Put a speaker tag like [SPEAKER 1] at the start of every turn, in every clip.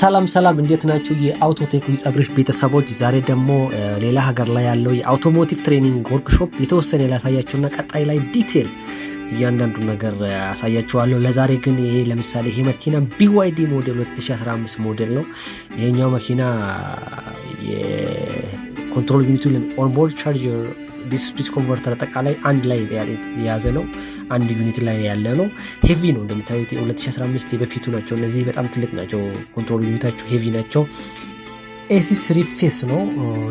[SPEAKER 1] ሰላም ሰላም፣ እንዴት ናቸው የአውቶቴክ ዊጸብሪሽ ቤተሰቦች፣ ዛሬ ደግሞ ሌላ ሀገር ላይ ያለው የአውቶሞቲቭ ትሬኒንግ ወርክሾፕ የተወሰነ ላሳያችሁና ቀጣይ ላይ ዲቴል እያንዳንዱ ነገር አሳያችኋለሁ። ለዛሬ ግን ይሄ ለምሳሌ ይሄ መኪና ቢዋይዲ ሞዴል 2015 ሞዴል ነው። ይሄኛው መኪና የኮንትሮል ዩኒቱ ኦንቦርድ ቻርጀር ዲስፕሊት ኮንቨርተር አጠቃላይ አንድ ላይ የያዘ ነው። አንድ ዩኒት ላይ ያለ ነው። ሄቪ ነው እንደምታዩት፣ የ2015 የበፊቱ ናቸው። እነዚህ በጣም ትልቅ ናቸው። ኮንትሮል ዩኒታቸው ሄቪ ናቸው። ኤሲ ስሪ ፌስ ነው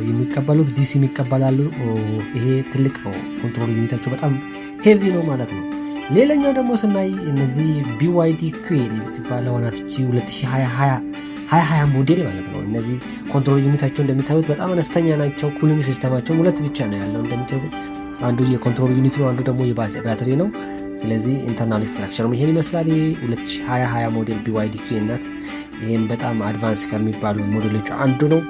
[SPEAKER 1] የሚቀበሉት፣ ዲሲ የሚቀበላሉ። ይሄ ትልቅ ነው። ኮንትሮል ዩኒታቸው በጣም ሄቪ ነው ማለት ነው። ሌላኛው ደግሞ ስናይ እነዚህ ቢዋይዲ ኩዌል የምትባለ ሆናት 2020 ሀያ ሞዴል ማለት ነው። እነዚህ ኮንትሮል ዩኒታቸው እንደሚታዩት በጣም አነስተኛ ናቸው። ኩሊንግ ሲስተማቸው ሁለት ብቻ ነው ያለው እንደሚታዩት፣ አንዱ የኮንትሮል ዩኒት ነው፣ አንዱ ደግሞ የባትሪ ነው። ስለዚህ ኢንተርናል ስትራክቸር ይሄን ይመስላል። 2020 ሞዴል ቢዋይዲ ናት። ይህም በጣም አድቫንስ ከሚባሉ ሞዴሎች አንዱ ነው።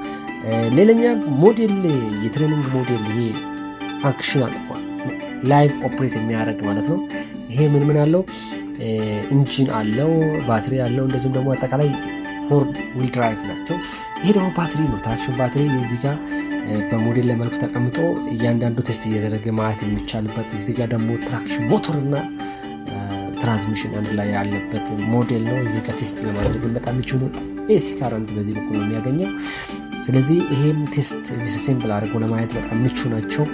[SPEAKER 1] ሌላኛ ሞዴል የትሬኒንግ ሞዴል ይሄ ፋንክሽናል ላይቭ ኦፕሬት የሚያደርግ ማለት ነው። ይሄ ምን ምን አለው? ኢንጂን አለው፣ ባትሪ አለው፣ እንደዚሁም ደግሞ አጠቃላይ ፎር ዊል ድራይቭ ናቸው። ይሄ ደግሞ ባትሪ ነው፣ ትራክሽን ባትሪ እዚህ ጋር በሞዴል ለመልኩ ተቀምጦ እያንዳንዱ ቴስት እየደረገ ማየት የሚቻልበት እዚህ ጋር ደግሞ ትራክሽን ሞተር ሞተርና ትራንስሚሽን አንድ ላይ ያለበት ሞዴል ነው። እዚህ ጋር ቴስት ለማድረግ በጣም ይችሉ ኤሲ ካረንት በዚህ በኩል ነው የሚያገኘው። ስለዚህ ይሄም ቴስት ዲስሴምብል አድርጎ ለማየት በጣም ምቹ ናቸው።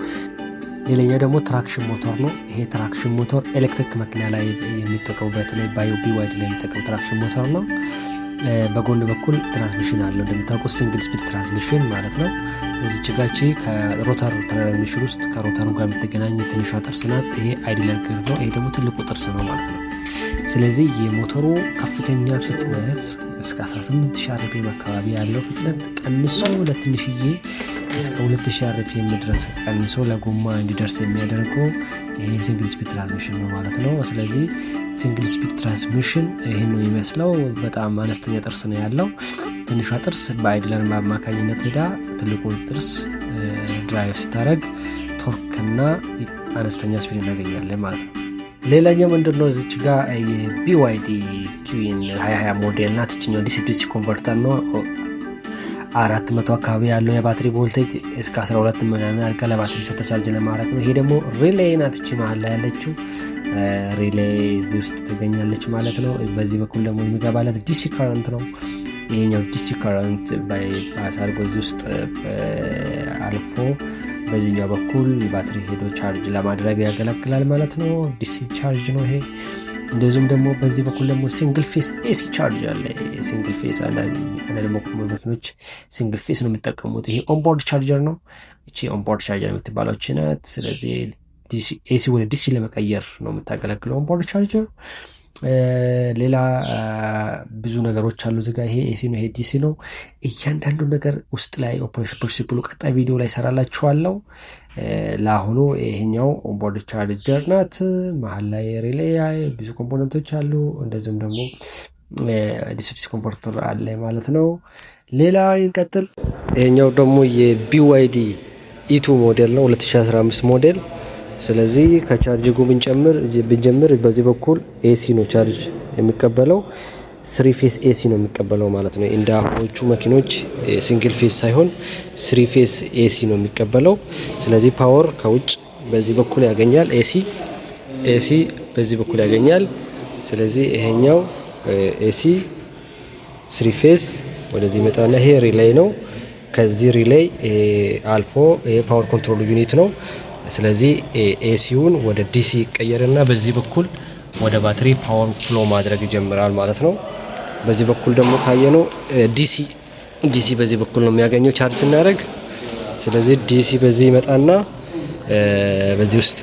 [SPEAKER 1] ሌላኛው ደግሞ ትራክሽን ሞተር ነው። ይሄ ትራክሽን ሞተር ኤሌክትሪክ መኪና ላይ የሚጠቀሙበት በተለይ ባዮ ቢዋይድ ላይ የሚጠቀሙ ትራክሽን ሞተር ነው። በጎን በኩል ትራንስሚሽን አለው እንደምታውቁት ሲንግል ስፒድ ትራንስሚሽን ማለት ነው። እዚህ ጭጋቺ ከሮተር ትራንስሚሽን ውስጥ ከሮተሩ ጋር የምትገናኝ ትንሿ ጥርስ ናት። ይሄ አይዲለር ግር ነው። ይሄ ደግሞ ትልቁ ጥርስ ነው ማለት ነው። ስለዚህ የሞተሩ ከፍተኛ ፍጥነት እስከ 18 ሺህ አርፒኤም አካባቢ ያለው ፍጥነት ቀንሶ ለትንሽዬ እስከ 2 ሺህ አርፒኤም ድረስ ቀንሶ ለጎማ እንዲደርስ የሚያደርገው ይሄ ሲንግል ስፒድ ትራንስሚሽን ነው ማለት ነው። ስለዚህ ሲንግል ስፒድ ትራንስሚሽን ይህ ነው የሚመስለው። በጣም አነስተኛ ጥርስ ነው ያለው። ትንሿ ጥርስ በአይድለን አማካኝነት ሄዳ ትልቁ ጥርስ ድራይቭ ስታደረግ ቶርክ እና አነስተኛ ስፒድ እናገኛለን ማለት ነው። ሌላኛው ምንድን ነው? እዚች ጋር የቢዋይዲ ኪዊን 2020 ሞዴል ናት። ይችኛው ዲሲ ዲሲ ኮንቨርተር ነው አራት መቶ አካባቢ ያለው የባትሪ ቮልቴጅ እስከ 12 ምናምን አድርጋ ለባትሪ ሰጥታ ቻርጅ ለማድረግ ነው። ይሄ ደግሞ ሪሌይ ናት፣ እቺ መሀል ላይ ያለችው ሪሌይ እዚህ ውስጥ ትገኛለች ማለት ነው። በዚህ በኩል ደግሞ የሚገባለት ዲሲ ከረንት ነው። ይሄኛው ዲሲ ከረንት ባይፓስ አድርጎ እዚህ ውስጥ አልፎ በዚህኛው በኩል ባትሪ ሄዶ ቻርጅ ለማድረግ ያገለግላል ማለት ነው። ዲሲ ቻርጅ ነው ይሄ እንደዚሁም ደግሞ በዚህ በኩል ደግሞ ሲንግል ፌስ ኤሲ ቻርጅ አለ። ሲንግል ፌስ አለ ደግሞ መኪኖች ሲንግል ፌስ ነው የሚጠቀሙት። ይሄ ኦንቦርድ ቻርጀር ነው። እቺ ኦንቦርድ ቻርጀር የምትባለች ናት። ስለዚህ ኤሲ ወደ ዲሲ ለመቀየር ነው የምታገለግለው ኦንቦርድ ቻርጀር ሌላ ብዙ ነገሮች አሉ እዚጋ። ይሄ ኤሲ ነው፣ ይሄ ዲሲ ነው። እያንዳንዱ ነገር ውስጥ ላይ ኦፕሬሽን ፕሪንሲፕሉ ቀጣይ ቪዲዮ ላይ ይሰራላችኋለው። ለአሁኑ ይሄኛው ኦንቦርድ ቻርጀር ናት። መሀል ላይ ሪሌ ብዙ ኮምፖነንቶች አሉ። እንደዚሁም ደግሞ ዲስፕሲ ኮምፖርተር አለ ማለት ነው። ሌላ ይንቀጥል። ይሄኛው ደግሞ የቢዋይዲ ኢቱ e ሞዴል ነው 2015 ሞዴል ስለዚህ ከቻርጅጉ ብንጀምር በዚህ በኩል ኤሲ ነው ቻርጅ የሚቀበለው ስሪ ፌስ ኤሲ ነው የሚቀበለው ማለት ነው። እንደ አሁኖቹ መኪኖች ሲንግል ፌስ ሳይሆን ስሪ ፌስ ኤሲ ነው የሚቀበለው። ስለዚህ ፓወር ከውጭ በዚህ በኩል ያገኛል፣ ኤሲ ኤሲ በዚህ በኩል ያገኛል። ስለዚህ ይሄኛው ኤሲ ስሪ ፌስ ወደዚህ ይመጣና ይሄ ሪላይ ነው። ከዚህ ሪላይ አልፎ ፓወር ኮንትሮል ዩኒት ነው። ስለዚህ ኤሲውን ወደ ዲሲ ይቀየርና በዚህ በኩል ወደ ባትሪ ፓወር ፍሎ ማድረግ ይጀምራል ማለት ነው። በዚህ በኩል ደግሞ ካየነው ዲሲ ዲሲ በዚህ በኩል ነው የሚያገኘው ቻርጅ ስናደርግ። ስለዚህ ዲሲ በዚህ ይመጣና በዚህ ውስጥ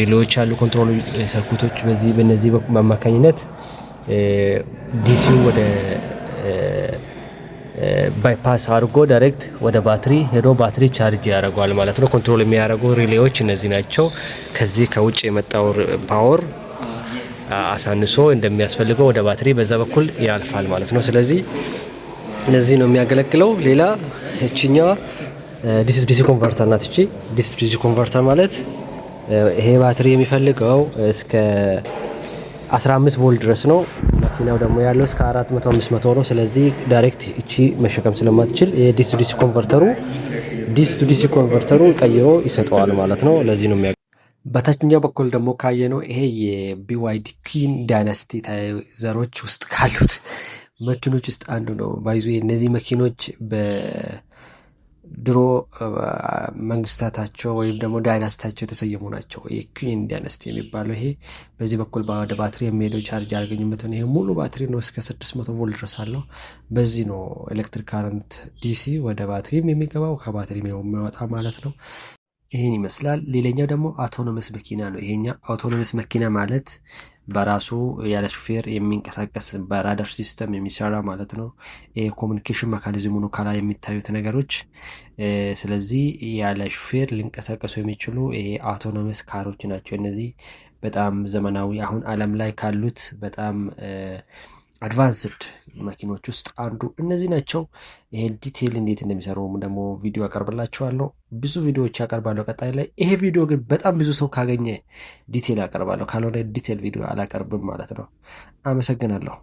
[SPEAKER 1] ሪሌዎች አሉ፣ ኮንትሮል ሰርኩቶች በዚህ በነዚህ አማካኝነት ዲሲው ወደ ባይፓስ አድርጎ ዳይሬክት ወደ ባትሪ ሄዶ ባትሪ ቻርጅ ያደርገዋል ማለት ነው። ኮንትሮል የሚያደርጉ ሪሌዎች እነዚህ ናቸው። ከዚህ ከውጭ የመጣው ፓወር አሳንሶ እንደሚያስፈልገው ወደ ባትሪ በዛ በኩል ያልፋል ማለት ነው። ስለዚህ ለዚህ ነው የሚያገለግለው። ሌላ እችኛዋ ዲሲ ዲሲ ኮንቨርተር ናት። እቺ ዲሲ ዲሲ ኮንቨርተር ማለት ይሄ ባትሪ የሚፈልገው እስከ 15 ቮልት ድረስ ነው። መኪናው ደግሞ ያለው እስከ 400 500 ነው። ስለዚህ ዳይሬክት እቺ መሸከም ስለማትችል የዲስ ቱ ዲስ ኮንቨርተሩ ዲስ ቱ ዲስ ኮንቨርተሩ ቀይሮ ይሰጠዋል ማለት ነው። ለዚህ ነው የሚያ በታችኛው በኩል ደግሞ ካየ ነው ይሄ የቢዋይዲ ኩን ዳይናስቲ ዘሮች ውስጥ ካሉት መኪኖች ውስጥ አንዱ ነው። ባይዙ እነዚህ መኪኖች ድሮ መንግስታታቸው ወይም ደግሞ ዳይናስታቸው የተሰየሙ ናቸው። የኩን ዳይናስቲ የሚባለው ይሄ በዚህ በኩል ወደ ባትሪ የሚሄደው ቻርጅ አድርገኝ ይሄ ሙሉ ባትሪ ነው። እስከ 600 ቮልት ድረስ አለው። በዚህ ነው ኤሌክትሪክ ካረንት ዲሲ ወደ ባትሪም የሚገባው ከባትሪ የሚወጣ ማለት ነው። ይህን ይመስላል። ሌላኛው ደግሞ አውቶኖመስ መኪና ነው። ይሄኛ አውቶኖመስ መኪና ማለት በራሱ ያለ ሹፌር የሚንቀሳቀስ በራዳር ሲስተም የሚሰራ ማለት ነው። የኮሚኒኬሽን መካኒዝሙ ነው ከላይ የሚታዩት ነገሮች። ስለዚህ ያለ ሹፌር ሊንቀሳቀሱ የሚችሉ አውቶኖመስ ካሮች ናቸው። እነዚህ በጣም ዘመናዊ አሁን ዓለም ላይ ካሉት በጣም አድቫንስድ መኪኖች ውስጥ አንዱ እነዚህ ናቸው። ይሄን ዲቴይል እንዴት እንደሚሰሩ ደግሞ ቪዲዮ ያቀርብላችኋለሁ። ብዙ ቪዲዮዎች ያቀርባለሁ ቀጣይ ላይ። ይሄ ቪዲዮ ግን በጣም ብዙ ሰው ካገኘ ዲቴይል ያቀርባለሁ፣ ካልሆነ ዲቴይል ቪዲዮ አላቀርብም ማለት ነው። አመሰግናለሁ።